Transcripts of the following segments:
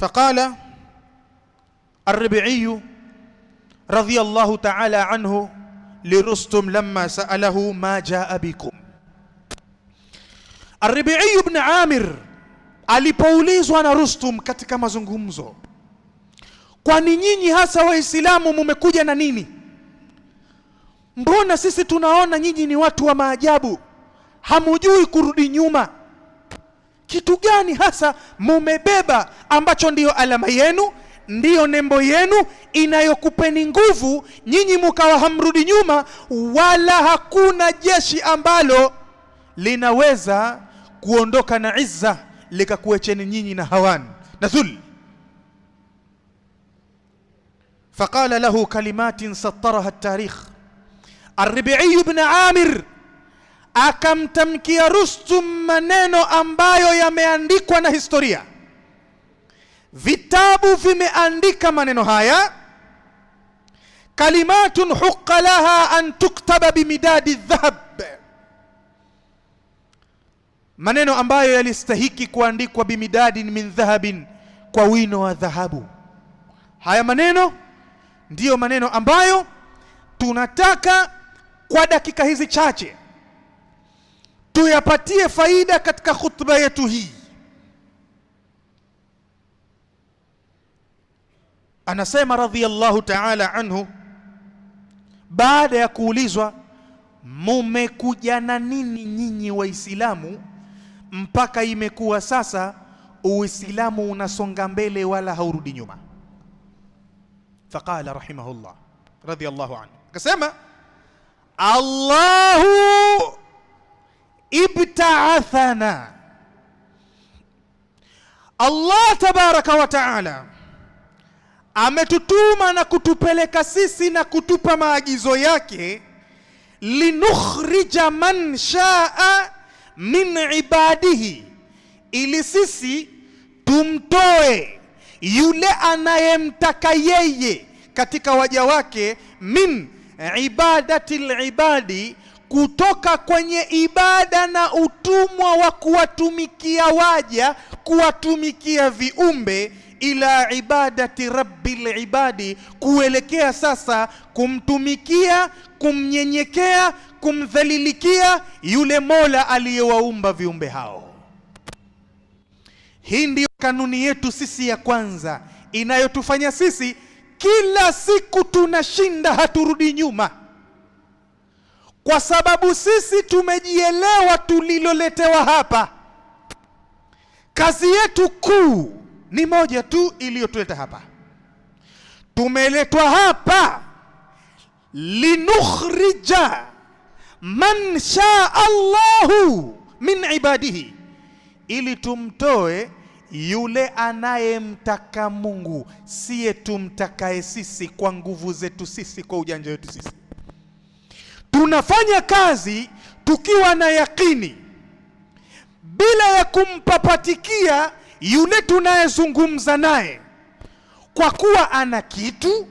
فقال الربعي رضي الله تعالى عنه لرستم لما ساله ما جاء بكم الربعي بن عامر alipoulizwa na Rustum katika mazungumzo, kwani nyinyi hasa Waislamu mumekuja na nini? Mbona sisi tunaona nyinyi ni watu wa maajabu, hamujui kurudi nyuma kitu gani hasa mumebeba ambacho ndiyo alama yenu, ndiyo nembo yenu inayokupeni nguvu nyinyi, mukawa hamrudi nyuma, wala hakuna jeshi ambalo linaweza kuondoka na izza likakuwecheni nyinyi na hawan na dhul. Faqala lahu kalimatin sattaraha tarikh Arbi'i ibn Amir akamtamkia Rustum maneno ambayo yameandikwa na historia. Vitabu vimeandika maneno haya, kalimatun huqqa laha an tuktaba bimidadi dhahab, maneno ambayo yalistahiki kuandikwa bimidadin min dhahabin, kwa wino wa dhahabu. Haya maneno ndiyo maneno ambayo tunataka kwa dakika hizi chache tuyapatie faida katika khutba yetu hii. Anasema radhiyallahu ta'ala anhu, baada ya kuulizwa mumekuja na nini nyinyi Waislamu mpaka imekuwa sasa Uislamu unasonga mbele wala haurudi nyuma. Faqala rahimahullah radhiyallahu anhu, akasema Allahu ibtaathana Allah tabaraka wa taala ametutuma na kutupeleka sisi na kutupa maagizo yake, linukhrija man shaa min ibadihi, ili sisi tumtoe yule anayemtaka yeye katika waja wake, min ibadati libadi kutoka kwenye ibada na utumwa wa kuwatumikia waja, kuwatumikia viumbe, ila ibadati rabbil ibadi, kuelekea sasa kumtumikia, kumnyenyekea, kumdhalilikia yule Mola aliyewaumba viumbe hao. Hii ndiyo kanuni yetu sisi ya kwanza inayotufanya sisi kila siku tunashinda, haturudi nyuma kwa sababu sisi tumejielewa tuliloletewa hapa. Kazi yetu kuu ni moja tu iliyotuleta hapa. Tumeletwa hapa linukhrija man shaa Allahu min ibadihi, ili tumtoe yule anayemtaka Mungu, siye tumtakaye sisi, kwa nguvu zetu sisi, kwa ujanja wetu sisi tunafanya kazi tukiwa na yakini bila ya kumpapatikia yule tunayezungumza naye, kwa kuwa ana kitu,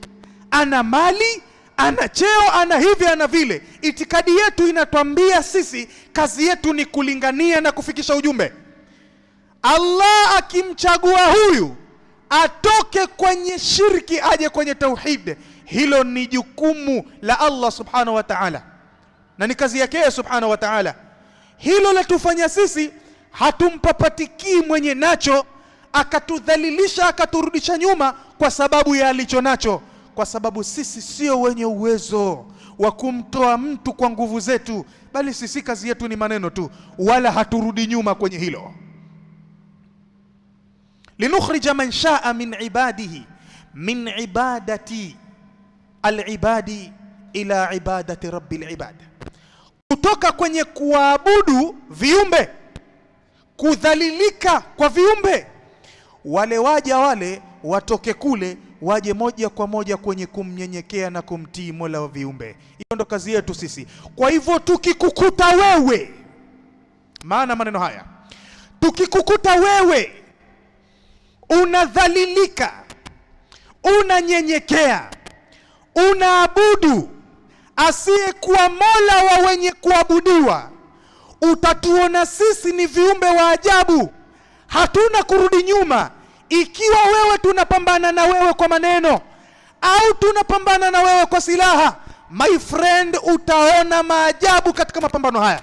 ana mali, ana cheo, ana hivi, ana vile. Itikadi yetu inatwambia sisi kazi yetu ni kulingania na kufikisha ujumbe. Allah akimchagua huyu atoke kwenye shirki aje kwenye tauhid, hilo ni jukumu la Allah subhanahu wa ta'ala na ni kazi yake yeye subhanahu wa ta'ala. Hilo latufanya sisi hatumpapatikii mwenye nacho, akatudhalilisha akaturudisha nyuma kwa sababu ya alicho nacho, kwa sababu sisi sio wenye uwezo wa kumtoa mtu kwa nguvu zetu, bali sisi kazi yetu ni maneno tu, wala haturudi nyuma kwenye hilo. linukhrija man shaa min ibadihi min ibadati alibadi ila ibadati rabbil ibad kutoka kwenye kuwaabudu viumbe, kudhalilika kwa viumbe. Wale waja wale watoke kule waje moja kwa moja kwenye kumnyenyekea na kumtii Mola wa viumbe. Hiyo ndo kazi yetu sisi. Kwa hivyo tukikukuta wewe, maana maneno haya, tukikukuta wewe unadhalilika, unanyenyekea, unaabudu asiyekuwa mola wa wenye kuabudiwa, utatuona sisi ni viumbe wa ajabu, hatuna kurudi nyuma. Ikiwa wewe tunapambana na wewe kwa maneno au tunapambana na wewe kwa silaha, my friend, utaona maajabu katika mapambano haya,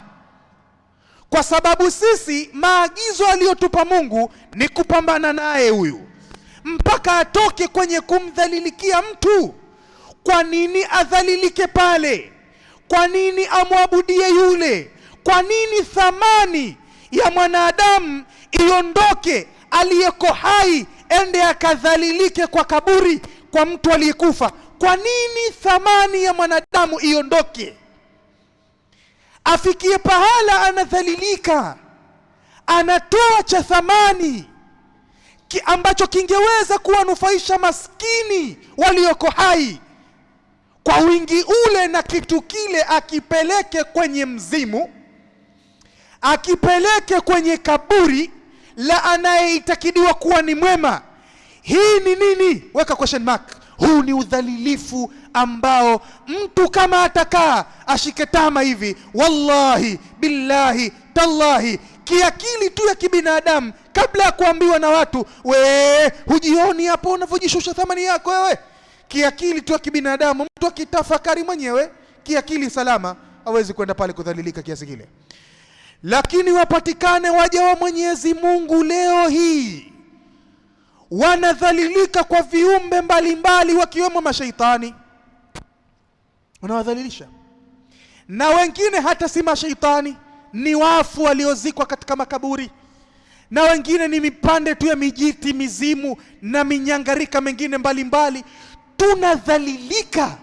kwa sababu sisi maagizo aliyotupa Mungu ni kupambana naye huyu mpaka atoke kwenye kumdhalilikia mtu. Kwa nini adhalilike pale? Kwa nini amwabudie yule? Kwa nini thamani ya mwanadamu iondoke, aliyeko hai ende akadhalilike kwa kaburi, kwa mtu aliyekufa? Kwa nini thamani ya mwanadamu iondoke, afikie pahala anadhalilika, anatoa cha thamani ambacho kingeweza kuwanufaisha maskini walioko hai kwa wingi ule na kitu kile akipeleke kwenye mzimu, akipeleke kwenye kaburi la anayeitakidiwa kuwa ni mwema. Hii ni nini? Weka question mark. Huu ni udhalilifu ambao mtu kama atakaa ashike tama hivi, wallahi billahi tallahi, kiakili tu ya kibinadamu, kabla ya kuambiwa na watu, we hujioni hapo unavyojishusha thamani yako wewe kiakili tu, kibinadamu, mtu akitafakari mwenyewe kiakili salama, hawezi kwenda pale kudhalilika kiasi kile. Lakini wapatikane waja wa Mwenyezi Mungu leo hii wanadhalilika kwa viumbe mbalimbali, wakiwemo mashaitani, wanawadhalilisha na wengine hata si mashaitani, ni wafu waliozikwa katika makaburi, na wengine ni mipande tu ya mijiti mizimu na minyangarika mengine mbalimbali tunadhalilika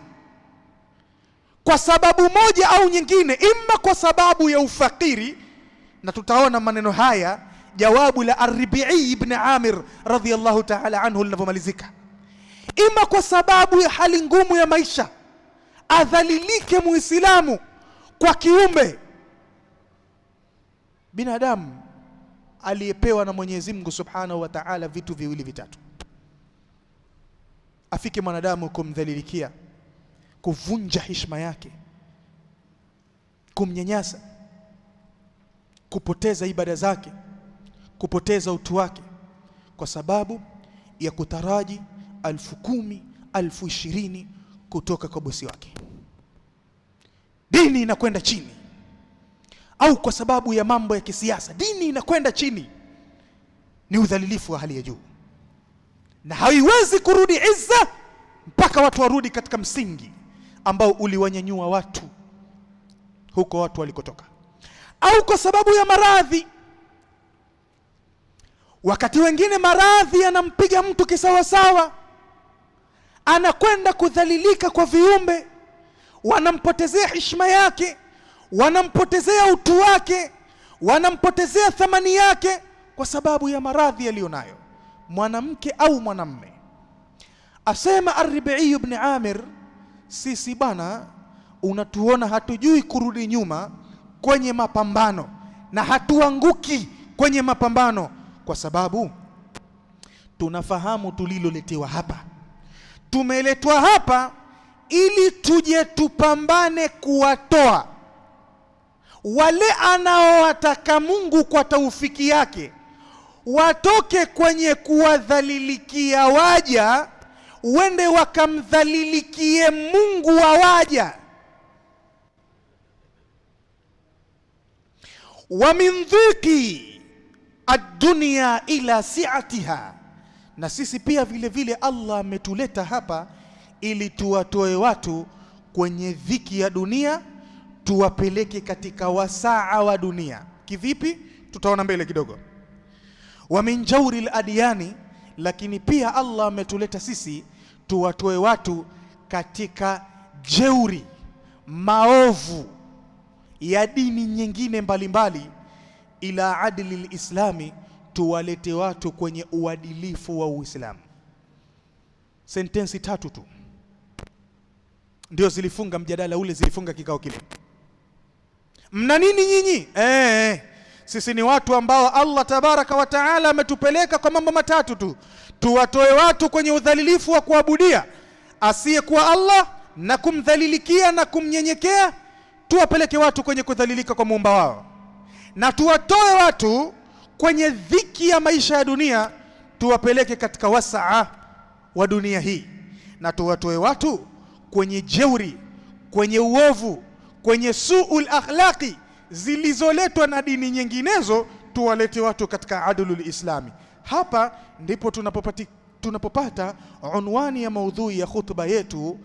kwa sababu moja au nyingine, imma kwa sababu ya ufakiri, na tutaona maneno haya jawabu la Arbi'i ibn Amir radhiyallahu ta'ala anhu linavyomalizika, imma kwa sababu ya hali ngumu ya maisha, adhalilike muislamu kwa kiumbe binadamu aliyepewa na Mwenyezi Mungu subhanahu wa ta'ala vitu viwili vitatu afike mwanadamu kumdhalilikia, kuvunja heshima yake, kumnyanyasa, kupoteza ibada zake, kupoteza utu wake kwa sababu ya kutaraji alfu kumi alfu ishirini kutoka kwa bosi wake. Dini inakwenda chini, au kwa sababu ya mambo ya kisiasa dini inakwenda chini, ni udhalilifu wa hali ya juu na haiwezi kurudi izza mpaka watu warudi katika msingi ambao uliwanyanyua watu huko watu walikotoka, au kwa sababu ya maradhi. Wakati wengine maradhi yanampiga mtu kisawasawa, anakwenda kudhalilika kwa viumbe, wanampotezea heshima yake, wanampotezea utu wake, wanampotezea thamani yake kwa sababu ya maradhi yaliyonayo mwanamke au mwanamme. Asema Arribii ibn Amir, sisi bana, unatuona hatujui kurudi nyuma kwenye mapambano na hatuanguki kwenye mapambano, kwa sababu tunafahamu tuliloletewa hapa. Tumeletwa hapa ili tuje tupambane kuwatoa wale anaowataka Mungu kwa taufiki yake watoke kwenye kuwadhalilikia waja wende wakamdhalilikie Mungu wa waja. wa min dhiki adunia ila siatiha, na sisi pia vile vile Allah ametuleta hapa ili tuwatoe watu kwenye dhiki ya dunia tuwapeleke katika wasaa wa dunia. Kivipi? Tutaona mbele kidogo wa min jauri ladiyani lakini pia Allah ametuleta sisi tuwatoe watu katika jeuri maovu ya dini nyingine mbalimbali mbali, ila adli lislami, tuwalete watu kwenye uadilifu wa Uislamu. Sentensi tatu tu ndio zilifunga mjadala ule, zilifunga kikao kile. Mna nini nyinyi? Eh, eh. Sisi ni watu ambao Allah tabaraka wa taala ametupeleka kwa mambo matatu tu, tuwatoe watu kwenye udhalilifu wa kuabudia asiyekuwa Allah na kumdhalilikia na kumnyenyekea, tuwapeleke watu kwenye kudhalilika kwa muumba wao, na tuwatoe watu kwenye dhiki ya maisha ya dunia, tuwapeleke katika wasaa wa dunia hii, na tuwatoe watu kwenye jeuri, kwenye uovu, kwenye suul akhlaqi zilizoletwa na dini nyinginezo tuwalete watu katika adlul islami. Hapa ndipo tunapopati, tunapopata unwani ya maudhui ya khutba yetu,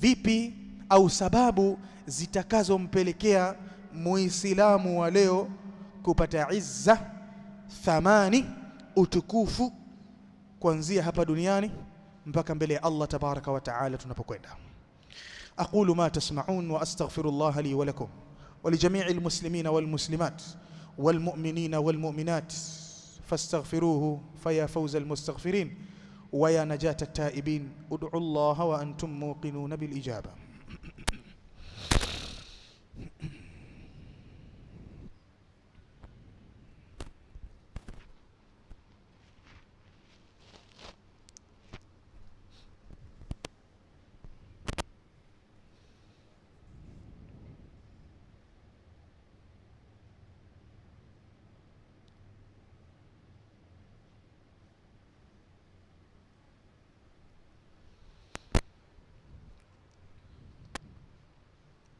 vipi au sababu zitakazompelekea muislamu wa leo kupata izza, thamani, utukufu kuanzia hapa duniani mpaka mbele ya Allah tabaraka wa taala tunapokwenda. aqulu ma tasmaun wa astaghfirullah li wa lakum ولجميع المسلمين والمسلمات والمؤمنين والمؤمنات فاستغفروه فيا فوز المستغفرين ويا نجاة التائبين ادعوا الله وأنتم موقنون بالإجابة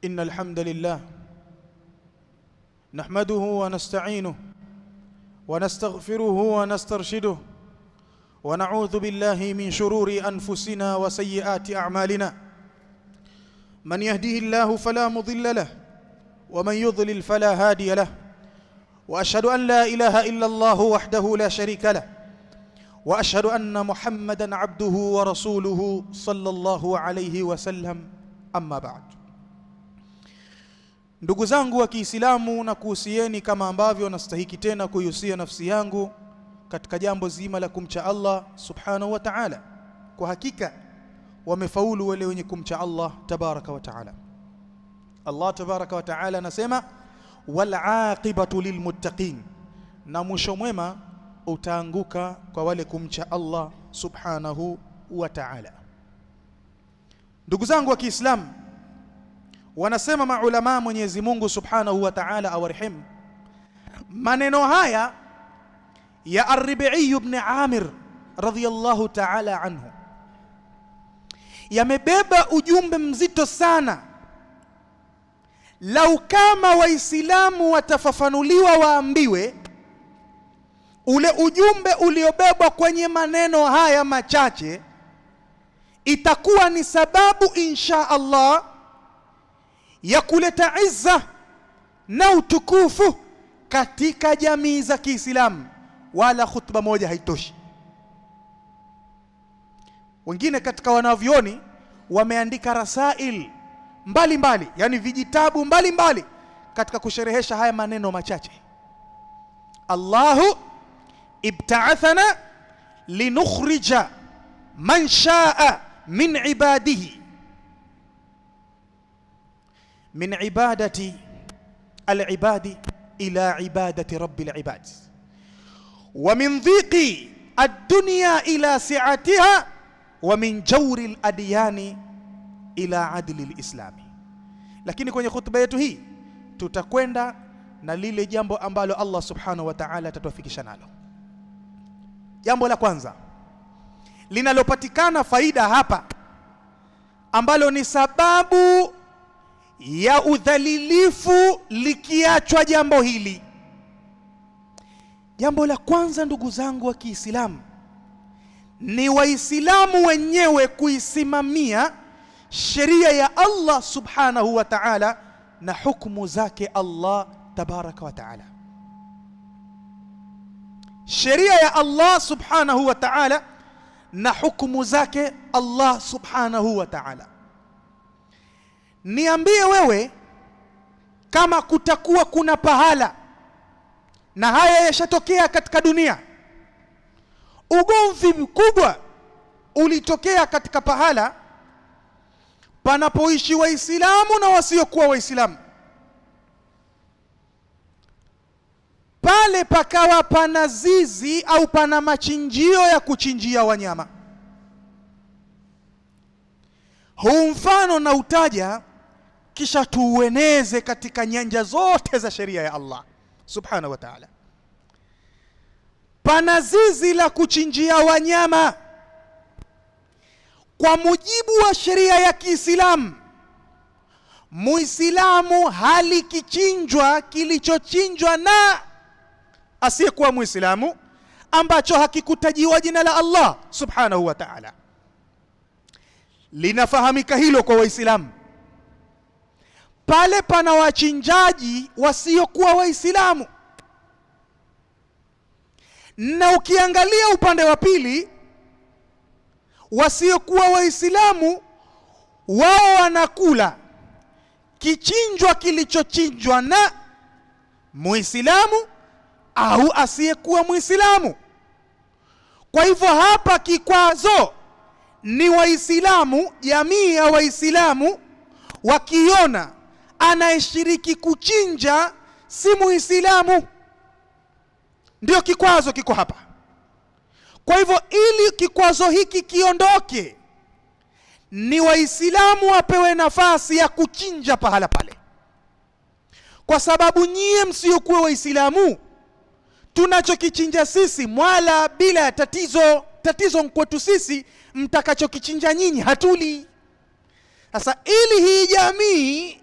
إن الحمد لله نحمده ونستعينه ونستغفره ونسترشده ونعوذ بالله من شرور أنفسنا وسيئات أعمالنا من يهده الله فلا مضل له ومن يضلل فلا هادي له وأشهد أن لا إله إلا الله وحده لا شريك له وأشهد أن محمدا عبده ورسوله صلى الله عليه وسلم أما بعد Ndugu zangu wa Kiislamu, na kuhusieni kama ambavyo nastahiki tena kuihusia nafsi yangu katika jambo zima la kumcha Allah subhanahu wa ta'ala. Kwa hakika wamefaulu wale wenye kumcha Allah tabaraka wa ta'ala. Allah tabaraka wa ta'ala anasema wal aqibatu lilmuttaqin, na mwisho mwema utaanguka kwa wale kumcha Allah subhanahu wa ta'ala. Ndugu zangu wa Kiislamu Wanasema maulama Mwenyezi Mungu Subhanahu wa Ta'ala awarhim maneno haya ya Arbi'i ibn Amir radhiyallahu ta'ala anhu yamebeba ujumbe mzito sana. Lau kama Waislamu watafafanuliwa waambiwe ule ujumbe uliobebwa kwenye maneno haya machache, itakuwa ni sababu insha Allah ya kuleta izza na utukufu katika jamii za Kiislamu, wala khutba moja haitoshi. Wengine katika wanavyoni wameandika rasail mbalimbali mbali, yani vijitabu mbalimbali mbali, katika kusherehesha haya maneno machache Allahu ibtaathana linukhrija man shaa min ibadihi min ibadati alibadi ila ibadati rabbil ibad wa min dhiqi ad-dunya ila si'atiha wa min jawri al-adyani ila adli al Lakini kwenye khutba yetu hii tutakwenda na lile jambo ambalo Allah subhanahu wa ta'ala atatufikisha nalo. Jambo la kwanza linalopatikana faida hapa ambalo ni sababu ya udhalilifu likiachwa jambo hili. Jambo la kwanza, ndugu zangu wa Kiislamu, ni Waislamu wenyewe kuisimamia sheria ya Allah subhanahu wa ta'ala na hukumu zake Allah tabaraka wa ta'ala. Sheria ya Allah subhanahu wa ta'ala na hukumu zake Allah subhanahu wa ta'ala Niambie wewe kama kutakuwa kuna pahala, na haya yashatokea katika dunia, ugomvi mkubwa ulitokea katika pahala panapoishi Waislamu na wasiokuwa Waislamu, pale pakawa pana zizi au pana machinjio ya kuchinjia wanyama. Huu mfano na utaja kisha tuueneze katika nyanja zote za sheria ya Allah subhanahu wa ta'ala. Pana zizi la kuchinjia wanyama kwa mujibu wa sheria ya Kiislamu. Muislamu hali kichinjwa kilichochinjwa na asiyekuwa Muislamu ambacho hakikutajiwa jina la Allah subhanahu wa ta'ala. Linafahamika hilo kwa Waislamu pale pana wachinjaji wasiokuwa Waislamu, na ukiangalia upande wa pili, wasiokuwa Waislamu wao wanakula kichinjwa kilichochinjwa na Muislamu au asiyekuwa Muislamu. Kwa hivyo hapa kikwazo ni Waislamu, jamii ya Waislamu wakiona anayeshiriki kuchinja si muislamu, ndio kikwazo kiko hapa. Kwa hivyo ili kikwazo hiki kiondoke, ni waislamu wapewe nafasi ya kuchinja pahala pale, kwa sababu nyie msiokuwa waislamu tunachokichinja sisi mwala bila ya tatizo. Tatizo nkwetu sisi, mtakachokichinja nyinyi hatuli. Sasa ili hii jamii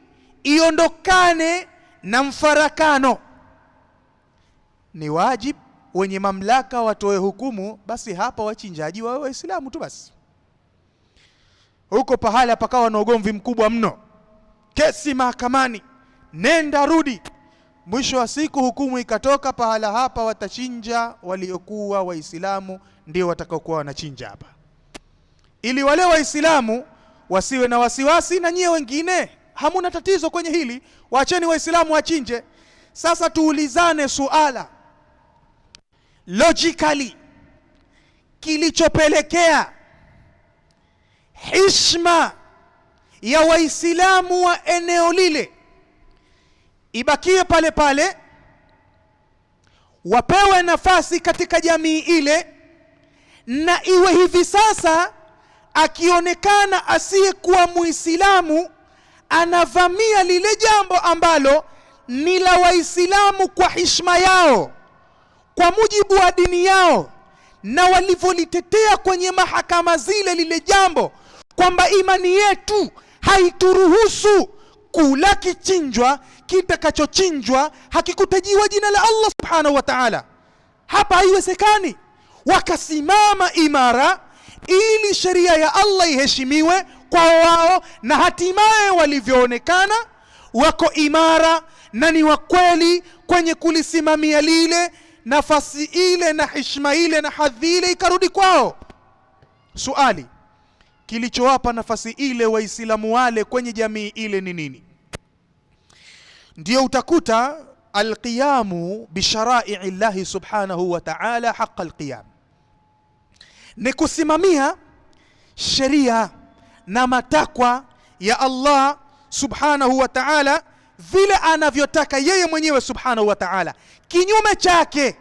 iondokane na mfarakano. Ni wajibu wenye mamlaka watoe hukumu. Basi hapa wachinjaji wawe Waislamu tu basi. Huko pahala pakawa na ugomvi mkubwa mno, kesi mahakamani, nenda rudi, mwisho wa siku hukumu ikatoka pahala hapa watachinja waliokuwa Waislamu, ndio watakaokuwa wanachinja hapa, ili wale Waislamu wasiwe na wasiwasi na nyie wengine hamuna tatizo kwenye hili, waacheni Waislamu wachinje. Sasa tuulizane suala logically, kilichopelekea hishma ya Waislamu wa eneo lile ibakie pale pale, wapewe nafasi katika jamii ile, na iwe hivi sasa akionekana asiyekuwa Muislamu anavamia lile jambo ambalo ni la Waislamu kwa hishma yao, kwa mujibu wa dini yao na walivyolitetea kwenye mahakama zile, lile jambo kwamba imani yetu haituruhusu kula kichinjwa kitakachochinjwa hakikutajiwa jina la Allah subhanahu wa ta'ala. Hapa haiwezekani. Wakasimama imara ili sheria ya Allah iheshimiwe kwa wao, na hatimaye walivyoonekana wako imara na ni wakweli kwenye kulisimamia lile, nafasi ile na heshima ile na hadhi ile ikarudi kwao. Suali, kilichowapa nafasi ile Waislamu wale kwenye jamii ile ni nini? Ndio utakuta alqiyamu bisharaii llahi subhanahu wa ta'ala, haqa alqiyam ni kusimamia sheria na matakwa ya Allah subhanahu wa ta'ala vile anavyotaka yeye mwenyewe subhanahu wa ta'ala, kinyume chake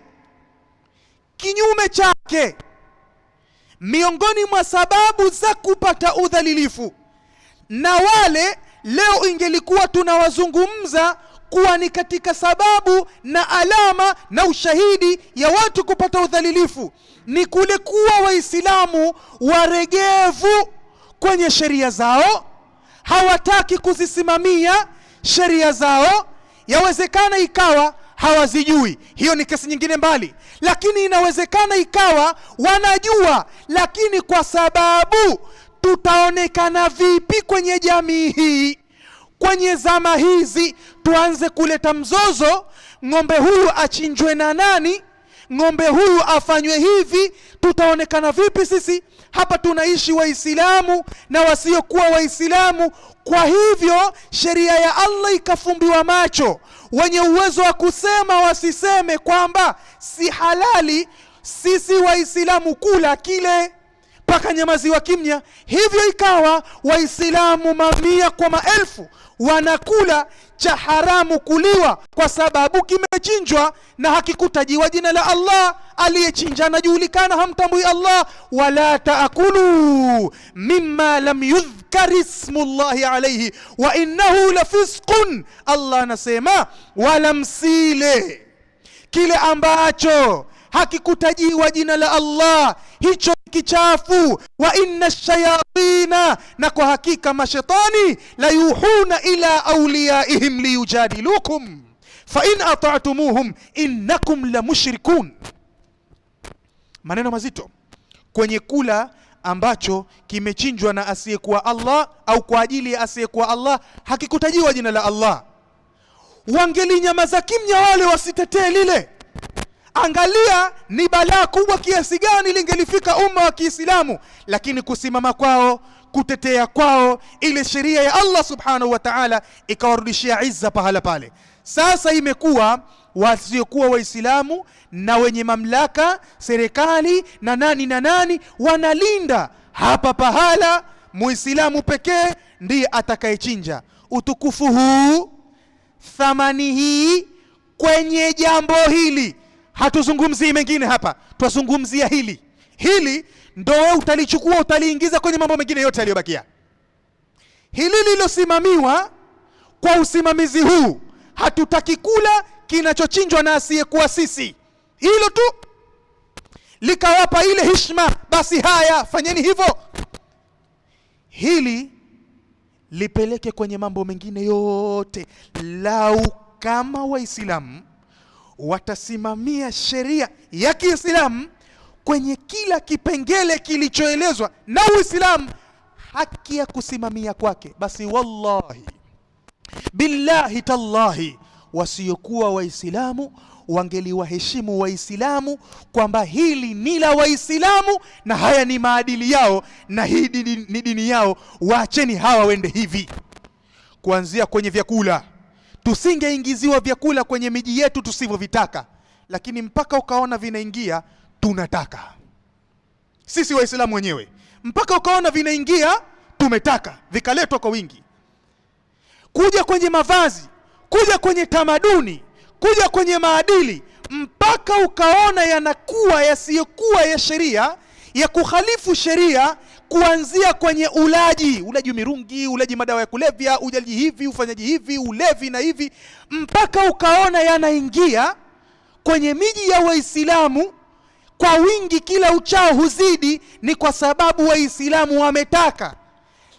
kinyume chake. Miongoni mwa sababu za kupata udhalilifu na wale leo, ingelikuwa tunawazungumza kuwa ni katika sababu na alama na ushahidi ya watu kupata udhalilifu ni kule kuwa Waislamu waregevu kwenye sheria zao, hawataki kuzisimamia sheria zao. Yawezekana ikawa hawazijui, hiyo ni kesi nyingine mbali, lakini inawezekana ikawa wanajua, lakini kwa sababu tutaonekana vipi kwenye jamii hii, kwenye zama hizi, tuanze kuleta mzozo, ng'ombe huyu achinjwe na nani, ng'ombe huyu afanywe hivi, tutaonekana vipi sisi hapa tunaishi Waislamu na wasiokuwa Waislamu. Kwa hivyo sheria ya Allah ikafumbiwa macho, wenye uwezo wa kusema wasiseme kwamba si halali sisi Waislamu kula kile pakanyamaziwa kimya. Hivyo ikawa Waislamu mamia kwa maelfu wanakula cha haramu kuliwa, kwa sababu kimechinjwa na hakikutajiwa jina la Allah. Aliyechinja anajulikana, hamtambui Allah. Wala taakulu mimma lam yudhkar ismu llahi alaihi wa innahu lafisqun, Allah anasema wala msile kile ambacho hakikutajiwa jina la Allah, hicho kichafu, wa inna shayatina, na kwa hakika mashetani, la yuhuna ila awliyaihim liyujadilukum fa in ata'tumuhum innakum la mushrikun. Maneno mazito kwenye kula ambacho kimechinjwa na asiyekuwa Allah au kwa ajili ya asiyekuwa Allah, hakikutajiwa jina la Allah. Wangelinyamaza kimya wale, wasitetee lile angalia ni balaa kubwa kiasi gani lingelifika umma wa Kiislamu, lakini kusimama kwao, kutetea kwao ile sheria ya Allah subhanahu wa ta'ala ikawarudishia izza pahala pale. Sasa imekuwa wasiokuwa Waislamu na wenye mamlaka, serikali na nani na nani, wanalinda hapa pahala, muislamu pekee ndiye atakayechinja. Utukufu huu, thamani hii kwenye jambo hili Hatuzungumzii mengine hapa, twazungumzia hili hili. Ndo wewe utalichukua utaliingiza kwenye mambo mengine yote yaliyobakia. Hili lilosimamiwa kwa usimamizi huu, hatutaki kula kinachochinjwa na asiyekuwa sisi, hilo tu likawapa ile heshima. Basi haya, fanyeni hivyo, hili lipeleke kwenye mambo mengine yote. Lau kama Waislamu watasimamia sheria ya Kiislamu kwenye kila kipengele kilichoelezwa na Uislamu, haki ya kusimamia kwake, basi wallahi billahi tallahi, wasiokuwa Waislamu wangeliwaheshimu Waislamu kwamba hili ni la Waislamu na haya ni maadili yao na hii ni dini yao, waacheni hawa wende hivi, kuanzia kwenye vyakula tusingeingiziwa vyakula kwenye miji yetu tusivyovitaka, lakini mpaka ukaona vinaingia tunataka sisi Waislamu wenyewe, mpaka ukaona vinaingia tumetaka, vikaletwa kwa wingi. Kuja kwenye mavazi, kuja kwenye tamaduni, kuja kwenye maadili, mpaka ukaona yanakuwa yasiyokuwa ya sheria, ya kuhalifu sheria kuanzia kwenye ulaji, ulaji mirungi, ulaji madawa ya kulevya, ujaji hivi, ufanyaji hivi, ulevi na hivi, mpaka ukaona yanaingia kwenye miji ya Waislamu kwa wingi, kila uchao huzidi. Ni kwa sababu Waislamu wametaka.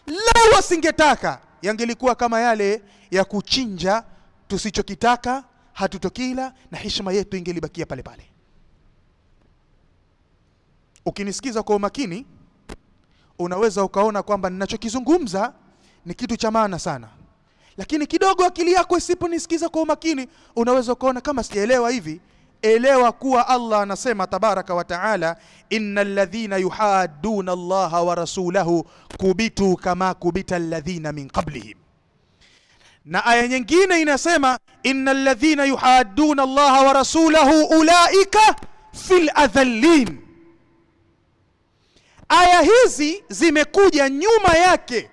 Lau wasingetaka, yangelikuwa kama yale ya kuchinja, tusichokitaka hatutokila na heshima yetu ingelibakia pale pale. Ukinisikiza kwa umakini unaweza ukaona kwamba ninachokizungumza ni kitu cha maana sana, lakini kidogo akili yako isiponisikiza kwa umakini, unaweza ukaona kama sijaelewa hivi. Elewa kuwa Allah anasema tabaraka wa taala, innal ladhina yuhaduna Allaha wa rasulahu kubitu kama kubita ladhina min qablihim. Na aya nyingine inasema innal ladhina yuhaduna Allaha wa rasulahu ulaika fil adhallin Aya hizi zimekuja nyuma yake,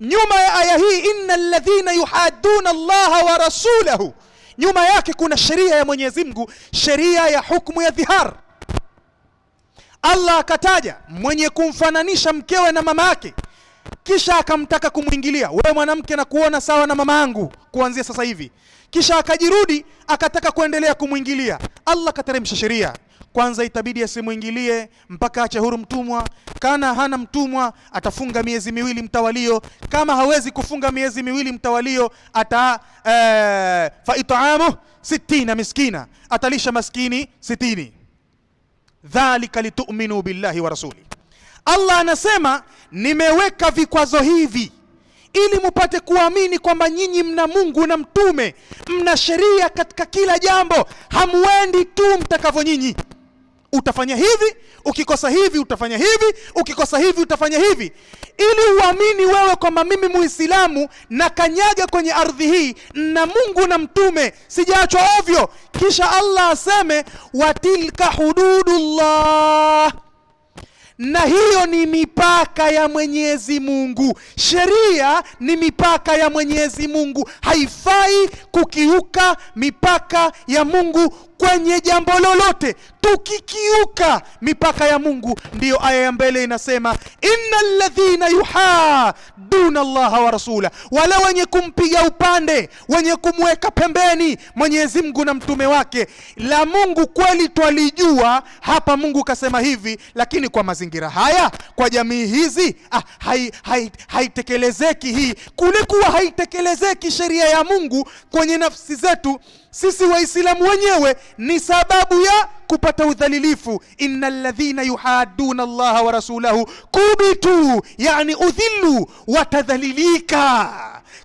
nyuma ya aya hii inna alladhina yuhaduna Allah wa rasulahu, nyuma yake kuna sheria ya Mwenyezi Mungu, sheria ya hukumu ya dhihar. Allah akataja mwenye kumfananisha mkewe na mama yake, kisha akamtaka kumwingilia, wewe mwanamke, na kuona sawa na mama yangu kuanzia sasa hivi, kisha akajirudi akataka kuendelea kumwingilia, Allah akateremsha sheria kwanza itabidi asimwingilie mpaka ache huru mtumwa. Kana hana mtumwa atafunga miezi miwili mtawalio. Kama hawezi kufunga miezi miwili mtawalio ata ee, fa itamu sittina miskina, atalisha maskini sitini. Dhalika lituminu billahi wa rasuli. Allah anasema nimeweka vikwazo hivi ili mupate kuamini kwamba nyinyi mna Mungu na mtume, mna sheria katika kila jambo, hamwendi tu mtakavyo nyinyi utafanya hivi, ukikosa hivi utafanya hivi, ukikosa hivi utafanya hivi, ili uamini wewe kwamba mimi Muislamu na kanyaga kwenye ardhi hii na Mungu na Mtume, sijaachwa ovyo. Kisha Allah aseme watilka hududullah, na hiyo ni mipaka ya Mwenyezi Mungu. Sheria ni mipaka ya Mwenyezi Mungu, haifai kukiuka mipaka ya Mungu kwenye jambo lolote tukikiuka mipaka ya Mungu. Ndiyo aya ya mbele inasema, innal ladhina yuhaduna Allaha wa rasula, wala wenye kumpiga upande, wenye kumweka pembeni Mwenyezi Mungu na mtume wake. La Mungu kweli twalijua, hapa Mungu kasema hivi, lakini kwa mazingira haya, kwa jamii hizi, ah, haitekelezeki hai, hai hii kule kuwa haitekelezeki sheria ya Mungu kwenye nafsi zetu sisi Waislamu wenyewe ni sababu ya kupata udhalilifu. innal ladhina yuhadduna Allaha wa rasulahu kubitu, yani udhillu, watadhalilika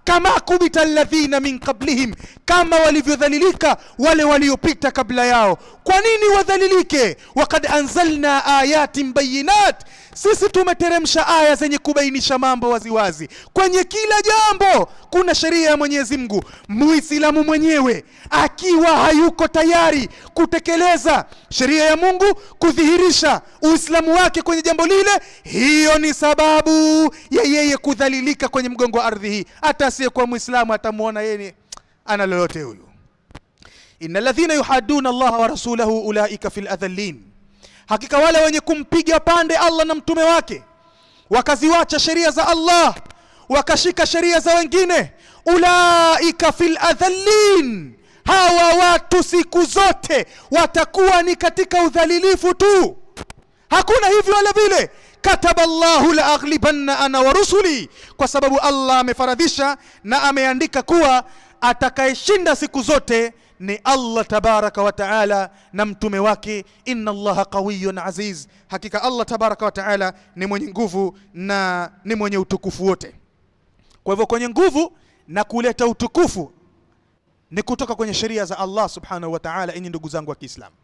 kama kubita alladhina min qablihim, kama walivyodhalilika wale waliopita kabla yao. Kwa nini wadhalilike? wakad anzalna ayatin bayinat sisi tumeteremsha aya zenye kubainisha mambo waziwazi wazi. Kwenye kila jambo kuna sheria ya Mwenyezi Mungu. Muislamu mwenyewe akiwa hayuko tayari kutekeleza sheria ya Mungu, kudhihirisha Uislamu wake kwenye jambo lile, hiyo ni sababu ya yeye kudhalilika kwenye mgongo wa ardhi hii. Hata asiyekuwa Muislamu atamuona yeye ana lolote huyu. Innal ladhina yuhaduna Allaha wa rasulahu ulaika fil adhallin Hakika wale wenye kumpiga pande Allah na mtume wake wakaziwacha sheria za Allah wakashika sheria za wengine, ulaika fil adhallin, hawa watu siku zote watakuwa ni katika udhalilifu tu, hakuna hivyo wala vile. Kataba Allahu la aghlibanna ana wa rusuli, kwa sababu Allah amefaradhisha na ameandika kuwa atakayeshinda siku zote ni Allah tabaraka wa taala na mtume wake, inna Allaha qawiyyun aziz, hakika Allah tabaraka wa taala ni mwenye nguvu na ni mwenye utukufu wote. Kwa hivyo kwenye nguvu na kuleta utukufu ni kutoka kwenye sheria za Allah subhanahu wa taala. Enyi ndugu zangu wa Kiislamu,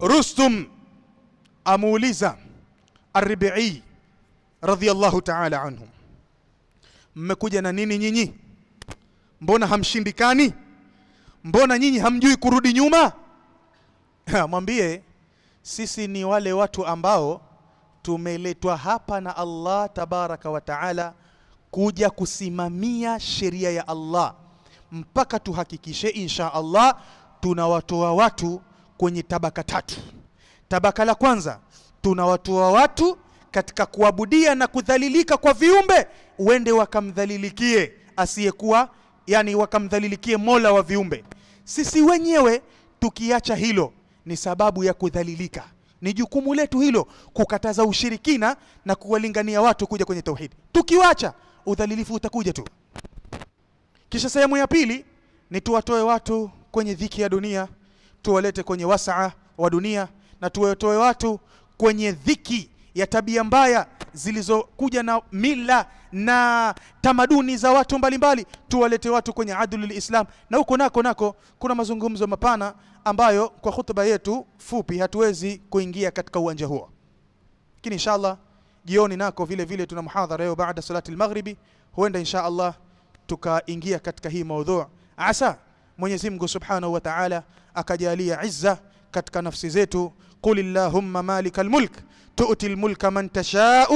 Rustum amuuliza Arribii radhiyallahu taala anhum, mmekuja na nini nyinyi? Mbona hamshindikani? mbona nyinyi hamjui kurudi nyuma? Mwambie sisi ni wale watu ambao tumeletwa hapa na Allah tabaraka wa taala kuja kusimamia sheria ya Allah mpaka tuhakikishe insha Allah tunawatoa watu kwenye tabaka tatu. Tabaka la kwanza tunawatoa watu katika kuabudia na kudhalilika kwa viumbe, uende wakamdhalilikie asiyekuwa yani wakamdhalilikie mola wa viumbe. Sisi wenyewe tukiacha hilo ni sababu ya kudhalilika. Ni jukumu letu hilo kukataza ushirikina na kuwalingania watu kuja kwenye tauhidi. Tukiwacha udhalilifu utakuja tu. Kisha sehemu ya pili ni tuwatoe watu kwenye dhiki ya dunia, tuwalete kwenye wasaa wa dunia, na tuwatoe watu kwenye dhiki ya tabia mbaya zilizokuja na mila na tamaduni za watu mbalimbali, tuwalete watu kwenye adlu lislam Na huko nako nako kuna mazungumzo mapana ambayo kwa khutba yetu fupi hatuwezi kuingia katika uwanja huo, lakini inshallah jioni nako vile vile tuna muhadhara leo baada salati almaghribi huenda insha Allah tukaingia katika hii maudhu. Asa Mwenyezi Mungu Subhanahu wa Ta'ala akajalia izza katika nafsi zetu. Qul malikal mulk تؤتي الملك من تشاء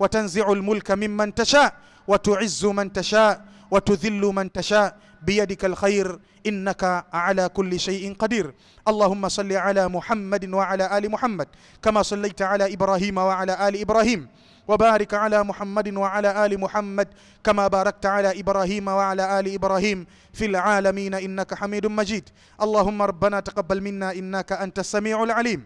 وتنزع الملك ممن تشاء وتعز من تشاء وتذل من تشاء بيدك الخير انك على كل شيء قدير اللهم صل على محمد وعلى ال محمد كما صليت على ابراهيم وعلى ال ابراهيم وبارك على محمد وعلى ال محمد كما باركت على ابراهيم وعلى ال ابراهيم في العالمين انك حميد مجيد اللهم ربنا تقبل منا انك انت السميع العليم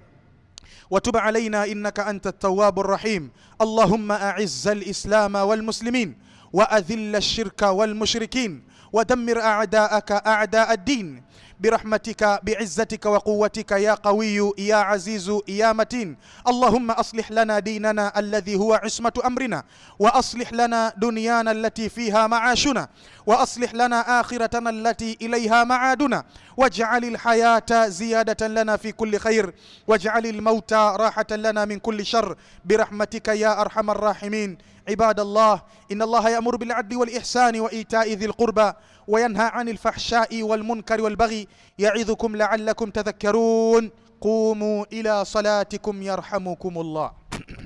وتب علينا انك انت التواب الرحيم اللهم اعز الاسلام والمسلمين واذل الشرك والمشركين ودمر اعداءك اعداء الدين برحمتك بعزتك وقوتك يا قوي يا عزيز يا متين اللهم اصلح لنا ديننا الذي هو عصمه امرنا واصلح لنا دنيانا التي فيها معاشنا واصلح لنا اخرتنا التي اليها معادنا واجعل الحياه زياده لنا في كل خير واجعل الموت راحه لنا من كل شر برحمتك يا ارحم الراحمين عباد الله ان الله يامر بالعدل والاحسان وايتاء ذي القربى وينهى عن الفحشاء والمنكر والبغي يعظكم لعلكم تذكرون قوموا إلى صلاتكم يرحمكم الله